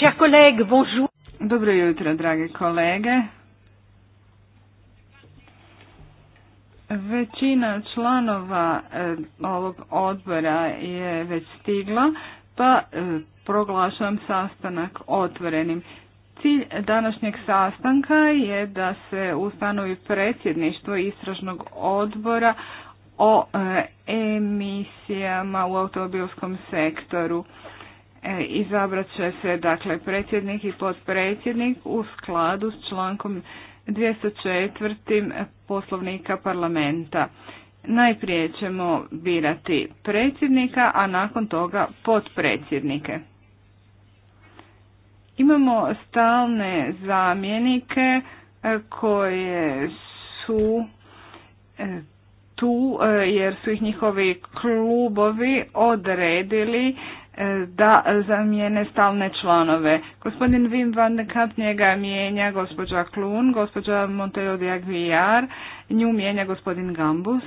Chers collègues, bonjour. Dobro jutro, drage kolege. Većina članova e, ovog odbora je već stigla, pa e, proglašavam sastanak otvorenim. Cilj današnjeg sastanka je da se ustanovi predsjedništvo istražnog odbora o e, emisijama u automobilskom sektoru. E, izabrat će se dakle predsjednik i potpredsjednik u skladu s člankom 204. poslovnika parlamenta. Najprije ćemo birati predsjednika, a nakon toga potpredsjednike. Imamo stalne zamjenike e, koje su e, tu jer su ih njihovi klubovi odredili E, da zamijene stalne članove. Gospodin Wim van de Kamp njega mijenja gospođa Klun, gospođa Montero de Aguiar, nju mijenja gospodin Gambus.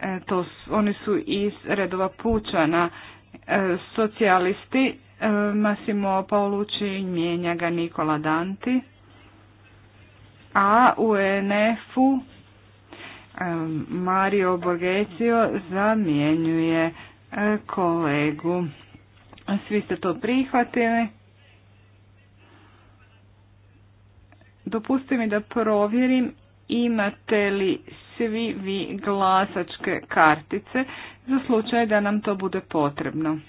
E, to, oni su iz redova pučana. E, socijalisti Massimo Paolucci mijenja ga Nikola Danti. A u u Mario Borgecio zamjenjuje kolegu. Svi ste to prihvatili. Dopustite mi da provjerim imate li svi vi glasačke kartice za slučaj da nam to bude potrebno.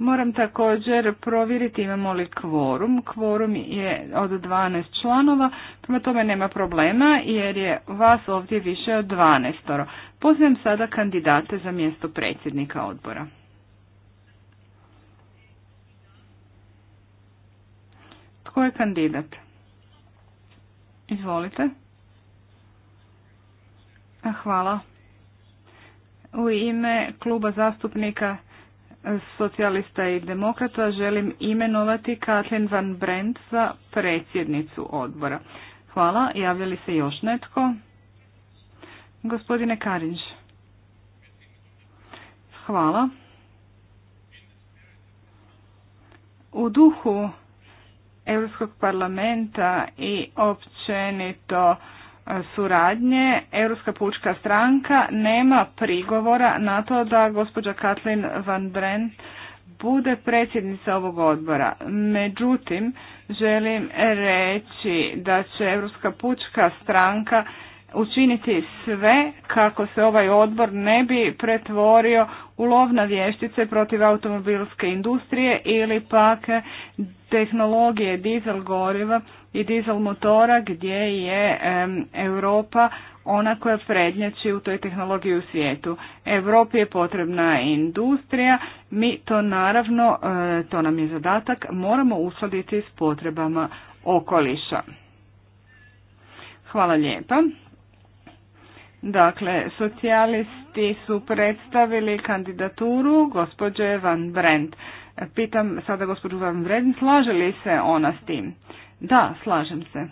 Moram također provjeriti imamo li kvorum. Kvorum je od 12 članova, prema tome nema problema jer je vas ovdje više od 12. Pozivam sada kandidate za mjesto predsjednika odbora. Tko je kandidat? Izvolite. Hvala. U ime kluba zastupnika socijalista i demokrata želim imenovati Katlin van Brent za predsjednicu odbora. Hvala. Javili se još netko? Gospodine Karinž, Hvala. U duhu Europskog parlamenta i općenito suradnje, Europska pučka stranka nema prigovora na to da gospođa Katlin Van Brent bude predsjednica ovog odbora. Međutim, želim reći da će Europska pučka stranka učiniti sve kako se ovaj odbor ne bi pretvorio u lovna vještice protiv automobilske industrije ili pak tehnologije dizel goriva i dizel motora gdje je Europa ona koja prednjači u toj tehnologiji u svijetu. Europi je potrebna industrija, mi to naravno, e, to nam je zadatak, moramo uskladiti s potrebama okoliša. Hvala lijepa. Dakle, socijalisti su predstavili kandidaturu gospođe Van Brent. Pitam sada gospođu Van Brent, slaže li se ona s tim? Da, slažem se.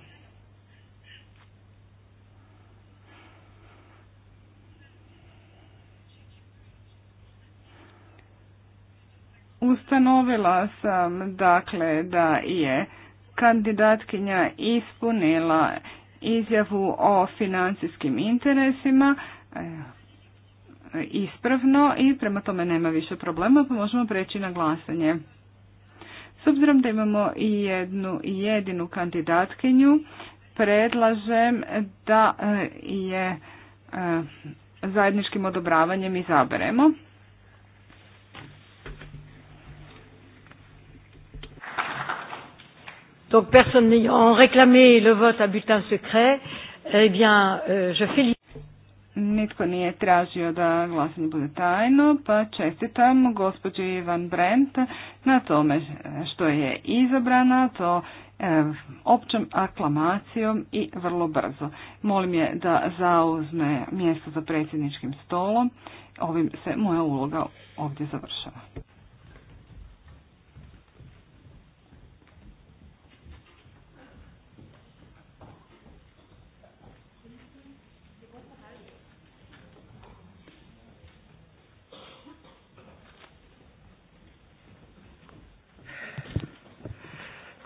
Ustanovila sam dakle da je kandidatkinja ispunila izjavu o financijskim interesima eh, ispravno i prema tome nema više problema pa možemo preći na glasanje. S obzirom da imamo i jednu i jedinu kandidatkinju, predlažem da eh, je eh, zajedničkim odobravanjem izaberemo. Donc personne n'ayant réclamé le vote à bulletin secret, eh bien, euh, je félicite. Nitko nije tražio da glasanje bude tajno, pa čestitam gospođi Ivan Brent na tome što je izabrana, to e, općom aklamacijom i vrlo brzo. Molim je da zauzme mjesto za predsjedničkim stolom. Ovim se moja uloga ovdje završava.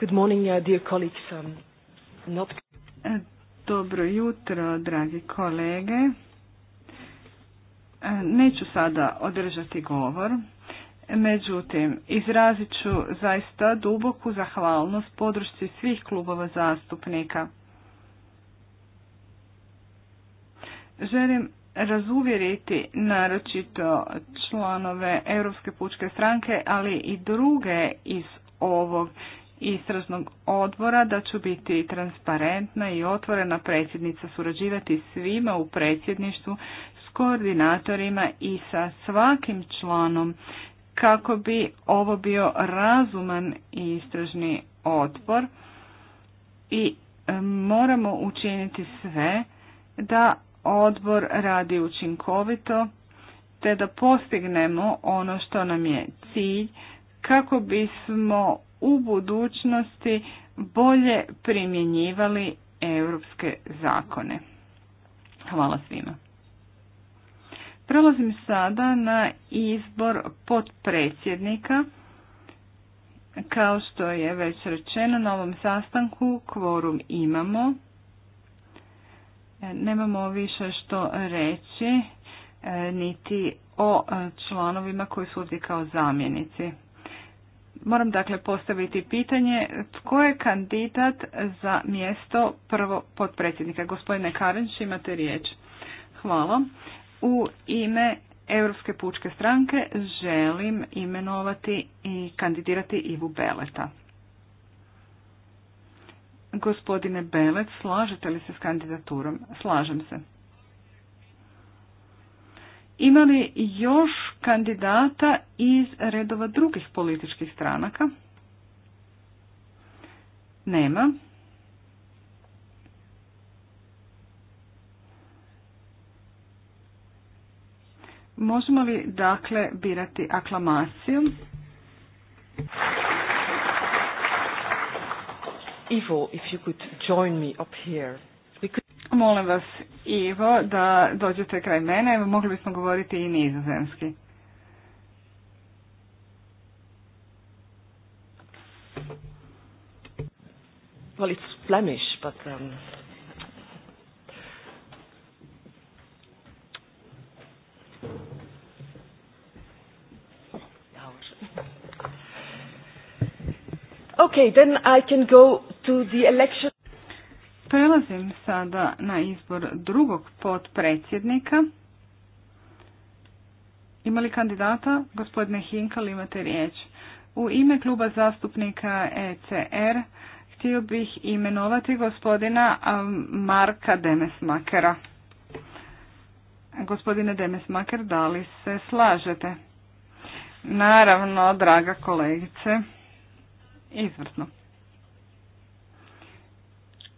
Good morning, uh, dear colleagues. Um, e, dobro jutro, dragi kolege. E, neću sada održati govor, međutim, izrazit ću zaista duboku zahvalnost podršci svih klubova zastupnika. Želim razuvjeriti naročito članove Europske pučke stranke, ali i druge iz ovog istražnog odbora da ću biti transparentna i otvorena predsjednica surađivati svima u predsjedništvu s koordinatorima i sa svakim članom kako bi ovo bio razuman istražni odbor i e, moramo učiniti sve da odbor radi učinkovito te da postignemo ono što nam je cilj kako bismo u budućnosti bolje primjenjivali europske zakone. Hvala svima. Prelazim sada na izbor potpredsjednika. Kao što je već rečeno na ovom sastanku, kvorum imamo. Nemamo više što reći e, niti o e, članovima koji su ovdje kao zamjenici. Moram dakle postaviti pitanje tko je kandidat za mjesto prvo potpredsjednika. Gospodine Karenč, imate riječ. Hvala. U ime Europske pučke stranke želim imenovati i kandidirati Ivu Beleta. Gospodine Belet, slažete li se s kandidaturom? Slažem se. Ima li još kandidata iz redova drugih političkih stranaka? Nema. Možemo li dakle birati aklamacijom? Ivo, if you could join me up here. Molim vas, Ivo da dođete kraj mene, mogli bismo govoriti i nizozemski. Well, it's Flemish, but um, Okay, then I can go to the election. Prelazim sada na izbor drugog potpredsjednika. Ima li kandidata? Gospodine Hinkal, imate riječ. U ime kluba zastupnika ECR htio bih imenovati gospodina um, Marka Demesmakera. Gospodine Demesmaker, da li se slažete? Naravno, draga kolegice, izvrtno.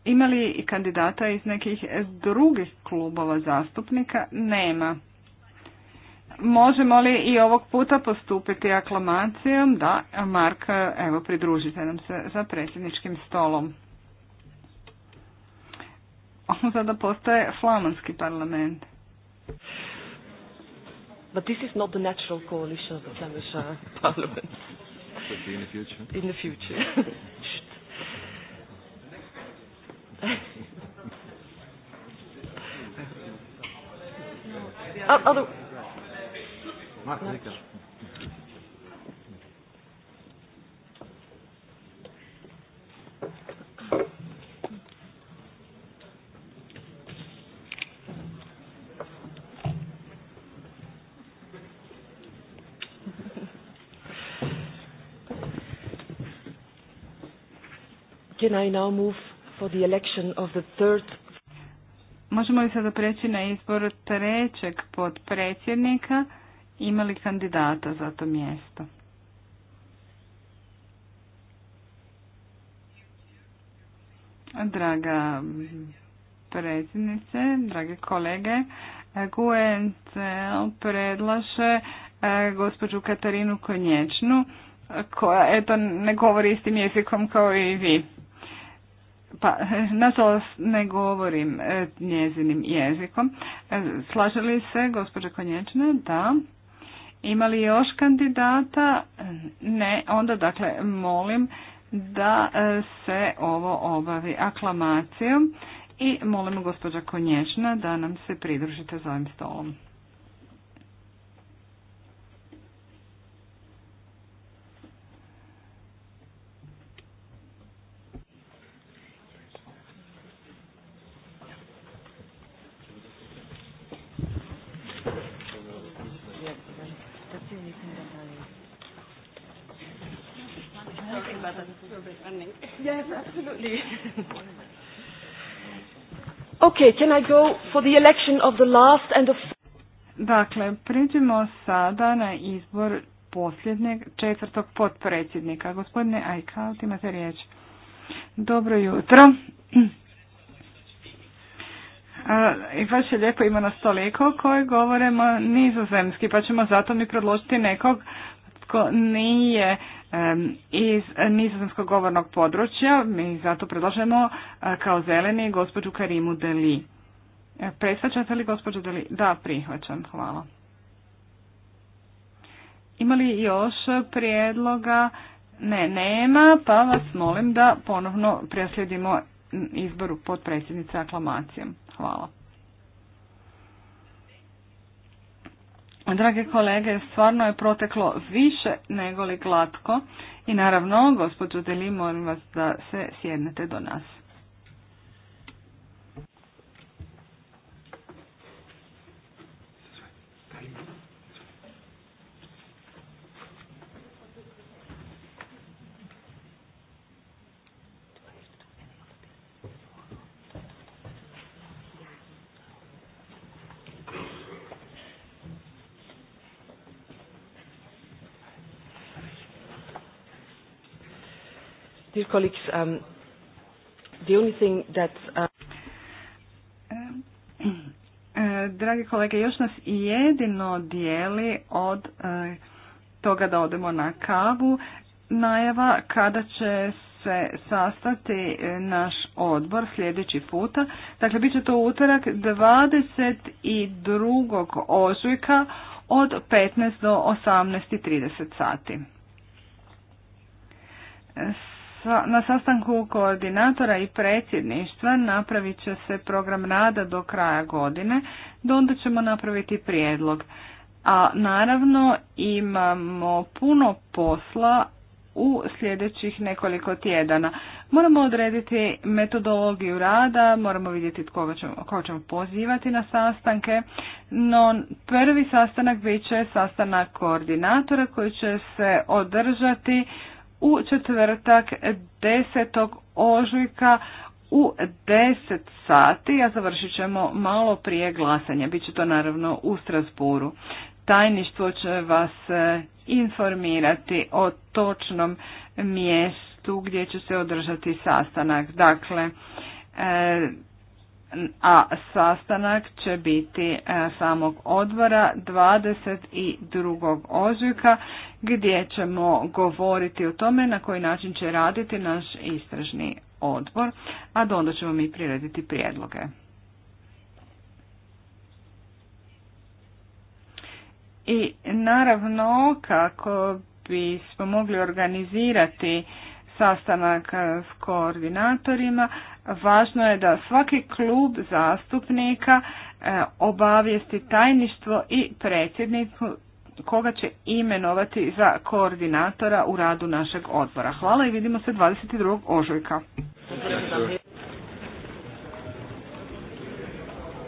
Imali i kandidata iz nekih drugih klubova zastupnika? Nema. Možemo li i ovog puta postupiti aklamacijom? Da, Mark, evo, pridružite nam se za predsjedničkim stolom. Ono sada postaje flamanski parlament. But this is not the natural coalition of the Flemish uh, In the future. In the future. Can I now move for the election of the third Možemo li sada preći na izbor trećeg podpredsjednika? Ima li kandidata za to mjesto? Draga predsjednice, drage kolege, GUNCL predlaže e, gospođu Katarinu Konječnu, koja eto ne govori istim jezikom kao i vi pa eh, nažalost ne govorim eh, njezinim jezikom. Eh, slaže li se, gospođa Konječna? Da. Ima li još kandidata? Ne. Onda, dakle, molim da se ovo obavi aklamacijom i molim gospođa Konječna da nam se pridružite za ovim stolom. Absolutely. okay, can I go for the election of the last and of... Dakle, pređemo sada na izbor posljednjeg četvrtog potpredsjednika. Gospodine Ajkaut, imate riječ. Dobro jutro. I baš je lijepo ima nas toliko koji govorimo nizozemski, pa ćemo zato mi predložiti nekog Nitko nije iz nizozemskog govornog područja, mi zato predlažemo e, kao zeleni gospođu Karimu Deli. E, predstavljate li gospođu Deli? Da, prihvaćam, hvala. Ima li još prijedloga? Ne, nema, pa vas molim da ponovno preslijedimo izboru potpredsjednice aklamacijom. Hvala. Drage kolege, stvarno je proteklo više nego li glatko i naravno, gospođo Deli, molim vas da se sjednete do nas. Dear colleagues, um, the only thing that... Uh... E, dragi kolege, još nas jedino dijeli od uh, toga da odemo na kavu. Najava kada će se sastati e, naš odbor sljedeći puta. Dakle, bit će to utorak 22. ožujka od 15 do 18.30 sati na sastanku koordinatora i predsjedništva napravit će se program rada do kraja godine, do onda ćemo napraviti prijedlog. A naravno imamo puno posla u sljedećih nekoliko tjedana. Moramo odrediti metodologiju rada, moramo vidjeti tko ćemo, ćemo pozivati na sastanke, no prvi sastanak bit će sastanak koordinatora koji će se održati u četvrtak 10. ožujka u 10 sati, a završit ćemo malo prije glasanja. bit će to naravno u Strasburu. Tajništvo će vas e, informirati o točnom mjestu gdje će se održati sastanak. Dakle, e, a sastanak će biti e, samog odvora 22. ožujka gdje ćemo govoriti o tome na koji način će raditi naš istražni odbor, a do onda ćemo mi prirediti prijedloge. I naravno kako bismo mogli organizirati sastanak s koordinatorima, Važno je da svaki klub zastupnika e, obavijesti tajništvo i predsjedniku koga će imenovati za koordinatora u radu našeg odbora. Hvala i vidimo se 22. ožujka.